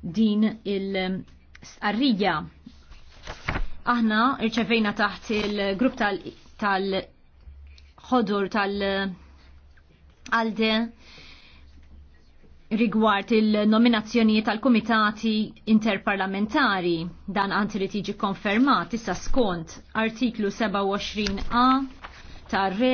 din il-sqarrija. Aħna rċevejna taħt il-grupp tal-ħodur tal ħodur tal alde rigward il-nominazzjoni tal-komitati interparlamentari dan għantri tiġi konfermat issa skont artiklu 27a tar